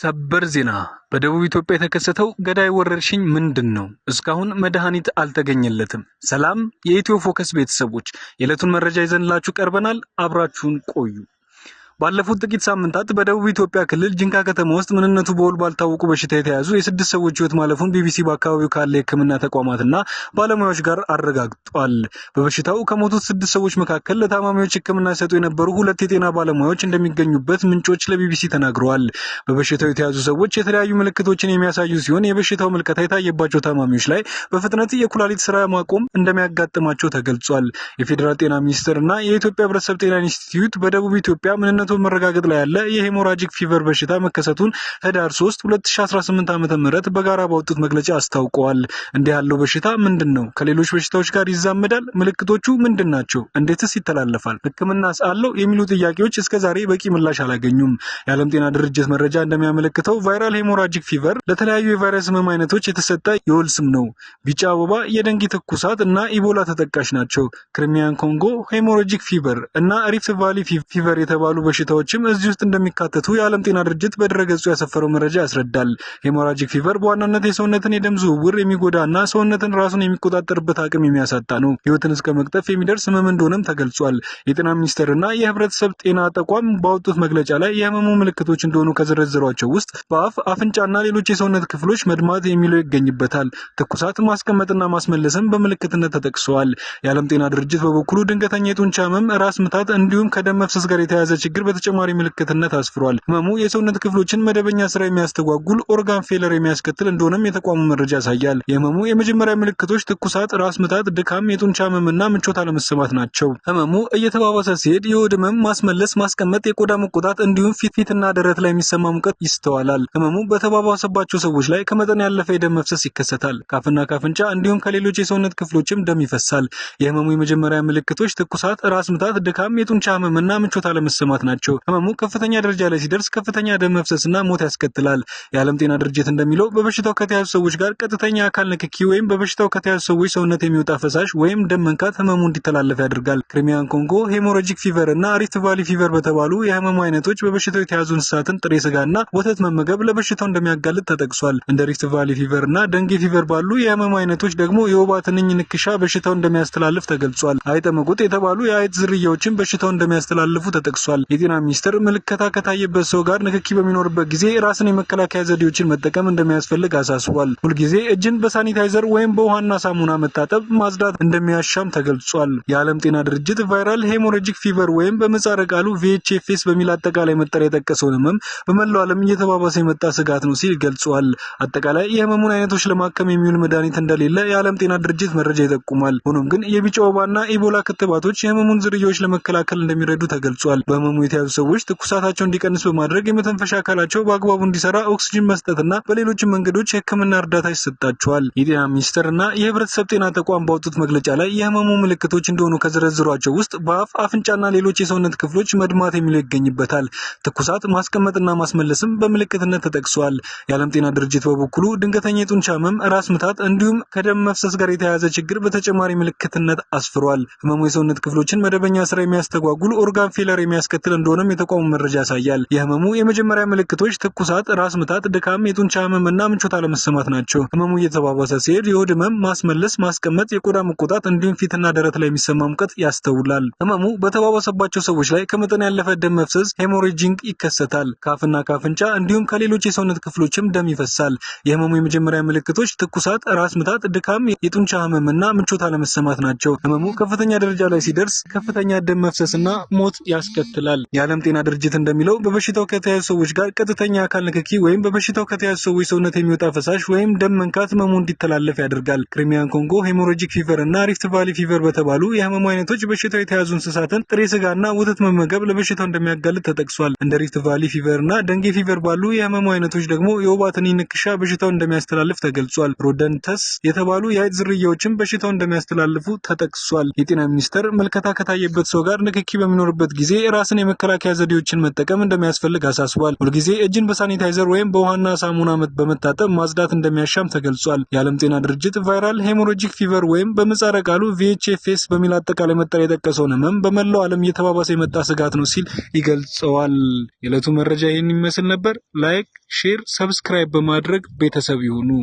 ሰበር ዜና በደቡብ ኢትዮጵያ የተከሰተው ገዳይ ወረርሽኝ ምንድን ነው? እስካሁን መድኃኒት አልተገኘለትም። ሰላም የኢትዮ ፎከስ ቤተሰቦች፣ የዕለቱን መረጃ ይዘንላችሁ ቀርበናል። አብራችሁን ቆዩ። ባለፉት ጥቂት ሳምንታት በደቡብ ኢትዮጵያ ክልል ጂንካ ከተማ ውስጥ ምንነቱ በውል ባልታወቁ በሽታ የተያዙ የስድስት ሰዎች ህይወት ማለፉን ቢቢሲ በአካባቢው ካለ የህክምና ተቋማትና ባለሙያዎች ጋር አረጋግጧል። በበሽታው ከሞቱት ስድስት ሰዎች መካከል ለታማሚዎች ህክምና ሲሰጡ የነበሩ ሁለት የጤና ባለሙያዎች እንደሚገኙበት ምንጮች ለቢቢሲ ተናግረዋል። በበሽታው የተያዙ ሰዎች የተለያዩ ምልክቶችን የሚያሳዩ ሲሆን የበሽታው ምልከታ የታየባቸው ታማሚዎች ላይ በፍጥነት የኩላሊት ስራ ማቆም እንደሚያጋጥማቸው ተገልጿል። የፌዴራል ጤና ሚኒስቴር እና የኢትዮጵያ ህብረተሰብ ጤና ኢንስቲትዩት በደቡብ ኢትዮጵያ ምንነቱ በመቶ መረጋገጥ ላይ ያለ የሄሞራጂክ ፊቨር በሽታ መከሰቱን ህዳር 3 2018 ዓ ም በጋራ ባወጡት መግለጫ አስታውቀዋል። እንዲህ ያለው በሽታ ምንድን ነው? ከሌሎች በሽታዎች ጋር ይዛመዳል? ምልክቶቹ ምንድን ናቸው? እንዴትስ ይተላለፋል? ህክምናስ አለው? የሚሉ ጥያቄዎች እስከዛሬ በቂ ምላሽ አላገኙም። የዓለም ጤና ድርጅት መረጃ እንደሚያመለክተው ቫይራል ሄሞራጂክ ፊቨር ለተለያዩ የቫይረስ ህመም አይነቶች የተሰጠ የወል ስም ነው። ቢጫ አበባ፣ የደንጊ ትኩሳት እና ኢቦላ ተጠቃሽ ናቸው። ክሪሚያን ኮንጎ ሄሞራጂክ ፊቨር እና ሪፍት ቫሊ ፊቨር የተባሉ በሽታ በሽታዎችም እዚህ ውስጥ እንደሚካተቱ የዓለም ጤና ድርጅት በድረገጹ ያሰፈረው መረጃ ያስረዳል። ሄሞራጂክ ፊቨር በዋናነት የሰውነትን የደም ዝውውር የሚጎዳና ሰውነትን ራሱን የሚቆጣጠርበት አቅም የሚያሳጣ ነው። ህይወትን እስከ መቅጠፍ የሚደርስ ህመም እንደሆነም ተገልጿል። የጤና ሚኒስቴርና የህብረተሰብ ጤና ተቋም ባወጡት መግለጫ ላይ የህመሙ ምልክቶች እንደሆኑ ከዘረዘሯቸው ውስጥ በአፍ አፍንጫና ሌሎች የሰውነት ክፍሎች መድማት የሚለው ይገኝበታል። ትኩሳት፣ ማስቀመጥና ማስመለስም በምልክትነት ተጠቅሰዋል። የዓለም ጤና ድርጅት በበኩሉ ድንገተኛ የጡንቻ ህመም፣ ራስ ምታት እንዲሁም ከደም መፍሰስ ጋር የተያያዘ ችግር በተጨማሪ ምልክትነት አስፍሯል። ህመሙ የሰውነት ክፍሎችን መደበኛ ስራ የሚያስተጓጉል ኦርጋን ፌለር የሚያስከትል እንደሆነም የተቋሙ መረጃ ያሳያል። የህመሙ የመጀመሪያ ምልክቶች ትኩሳት፣ ራስ ምታት፣ ድካም፣ የጡንቻ ህመምና ምቾት አለመሰማት ናቸው። ህመሙ እየተባባሰ ሲሄድ የሆድ ህመም፣ ማስመለስ፣ ማስቀመጥ፣ የቆዳ መቆጣት እንዲሁም ፊት ፊትና ደረት ላይ የሚሰማ ሙቀት ይስተዋላል። ህመሙ በተባባሰባቸው ሰዎች ላይ ከመጠን ያለፈ የደም መፍሰስ ይከሰታል። ካፍና ካፍንጫ እንዲሁም ከሌሎች የሰውነት ክፍሎችም ደም ይፈሳል። የህመሙ የመጀመሪያ ምልክቶች ትኩሳት፣ ራስ ምታት፣ ድካም፣ የጡንቻ ህመምና ምቾት አለመሰማት ናቸው። ናቸው። ህመሙ ከፍተኛ ደረጃ ላይ ሲደርስ ከፍተኛ ደም መፍሰስና ሞት ያስከትላል። የዓለም ጤና ድርጅት እንደሚለው በበሽታው ከተያዙ ሰዎች ጋር ቀጥተኛ አካል ንክኪ ወይም በበሽታው ከተያዙ ሰዎች ሰውነት የሚወጣ ፈሳሽ ወይም ደም መንካት ህመሙ እንዲተላለፍ ያደርጋል። ክሪሚያን ኮንጎ፣ ሄሞሮጂክ ፊቨር እና ሪፍት ቫሊ ፊቨር በተባሉ የህመሙ አይነቶች በበሽታው የተያዙ እንስሳትን ጥሬ ስጋና ወተት መመገብ ለበሽታው እንደሚያጋልጥ ተጠቅሷል። እንደ ሪፍት ቫሊ ፊቨር እና ደንጌ ፊቨር ባሉ የህመሙ አይነቶች ደግሞ የወባ ትንኝ ንክሻ በሽታው እንደሚያስተላልፍ ተገልጿል። አይጠመቁጥ የተባሉ የአይጥ ዝርያዎችን በሽታው እንደሚያስተላልፉ ተጠቅሷል። የጤና ሚኒስቴር ምልከታ ከታየበት ሰው ጋር ንክኪ በሚኖርበት ጊዜ ራስን የመከላከያ ዘዴዎችን መጠቀም እንደሚያስፈልግ አሳስቧል። ሁልጊዜ እጅን በሳኒታይዘር ወይም በውሃና ሳሙና መታጠብ፣ ማጽዳት እንደሚያሻም ተገልጿል። የዓለም ጤና ድርጅት ቫይራል ሄሞሮጂክ ፊቨር ወይም በምህጻረ ቃሉ ቪኤችኤፍኤስ በሚል አጠቃላይ መጠሪያ የጠቀሰውን ህመም በመላው ዓለም እየተባባሰ የመጣ ስጋት ነው ሲል ገልጿል። አጠቃላይ የህመሙን አይነቶች ለማከም የሚውል መድኃኒት እንደሌለ የዓለም ጤና ድርጅት መረጃ ይጠቁማል። ሆኖም ግን የቢጫ ወባና ኢቦላ ክትባቶች የህመሙን ዝርያዎች ለመከላከል እንደሚረዱ ተገልጿል። በህመሙ የተያዙ ሰዎች ትኩሳታቸው እንዲቀንስ በማድረግ የመተንፈሻ አካላቸው በአግባቡ እንዲሰራ ኦክስጂን መስጠትና በሌሎችም መንገዶች የህክምና እርዳታ ይሰጣቸዋል። የጤና ሚኒስቴር እና የህብረተሰብ ጤና ተቋም ባወጡት መግለጫ ላይ የህመሙ ምልክቶች እንደሆኑ ከዘረዝሯቸው ውስጥ በአፍ አፍንጫና ሌሎች የሰውነት ክፍሎች መድማት የሚለው ይገኝበታል። ትኩሳት ማስቀመጥና ማስመለስም በምልክትነት ተጠቅሷል። የዓለም ጤና ድርጅት በበኩሉ ድንገተኛ የጡንቻ ህመም፣ ራስ ምታት እንዲሁም ከደም መፍሰስ ጋር የተያያዘ ችግር በተጨማሪ ምልክትነት አስፍሯል። ህመሙ የሰውነት ክፍሎችን መደበኛ ስራ የሚያስተጓጉል ኦርጋን ፌለር የሚያስከትል እንደሆነም የተቋሙ መረጃ ያሳያል። የህመሙ የመጀመሪያ ምልክቶች ትኩሳት፣ ራስ ምታት፣ ድካም፣ የጡንቻ ህመምና ምቾት አለመሰማት ናቸው። ህመሙ እየተባባሰ ሲሄድ የሆድ ህመም፣ ማስመለስ፣ ማስቀመጥ፣ የቆዳ መቆጣት እንዲሁም ፊትና ደረት ላይ የሚሰማ ሙቀት ያስተውላል። ህመሙ በተባባሰባቸው ሰዎች ላይ ከመጠን ያለፈ ደም መፍሰስ ሄሞሬጂንግ ይከሰታል። ካፍና ካፍንጫ እንዲሁም ከሌሎች የሰውነት ክፍሎችም ደም ይፈሳል። የህመሙ የመጀመሪያ ምልክቶች ትኩሳት፣ ራስ ምታት፣ ድካም፣ የጡንቻ ህመምና ምቾት አለመሰማት ናቸው። ህመሙ ከፍተኛ ደረጃ ላይ ሲደርስ ከፍተኛ ደም መፍሰስና ሞት ያስከትላል። የዓለም ጤና ድርጅት እንደሚለው በበሽታው ከተያዙ ሰዎች ጋር ቀጥተኛ አካል ንክኪ ወይም በበሽታው ከተያዙ ሰዎች ሰውነት የሚወጣ ፈሳሽ ወይም ደም መንካት ህመሙ እንዲተላለፍ ያደርጋል። ክሪሚያን ኮንጎ ሄሞሮጂክ ፊቨር እና ሪፍት ቫሊ ፊቨር በተባሉ የህመሙ አይነቶች በሽታው የተያዙ እንስሳትን ጥሬ ስጋና ወተት መመገብ ለበሽታው እንደሚያጋልጥ ተጠቅሷል። እንደ ሪፍት ቫሊ ፊቨር እና ደንጌ ፊቨር ባሉ የህመሙ አይነቶች ደግሞ የወባ ትንኝ ንክሻ በሽታው እንደሚያስተላልፍ ተገልጿል። ሮደንተስ የተባሉ የአይጥ ዝርያዎችም በሽታው እንደሚያስተላልፉ ተጠቅሷል። የጤና ሚኒስቴር ምልከታ ከታየበት ሰው ጋር ንክኪ በሚኖርበት ጊዜ ራስን መከላከያ ዘዴዎችን መጠቀም እንደሚያስፈልግ አሳስቧል። ሁልጊዜ እጅን በሳኒታይዘር ወይም በውሃና ሳሙና በመታጠብ ማጽዳት እንደሚያሻም ተገልጿል። የዓለም ጤና ድርጅት ቫይራል ሄሞሮጂክ ፊቨር ወይም በምህጻረ ቃሉ ቪኤችኤፍኤስ በሚል አጠቃላይ መጠሪያ የጠቀሰውን ህመም በመላው ዓለም እየተባባሰ የመጣ ስጋት ነው ሲል ይገልጸዋል። የዕለቱ መረጃ ይህን ይመስል ነበር። ላይክ፣ ሼር፣ ሰብስክራይብ በማድረግ ቤተሰብ ይሁኑ።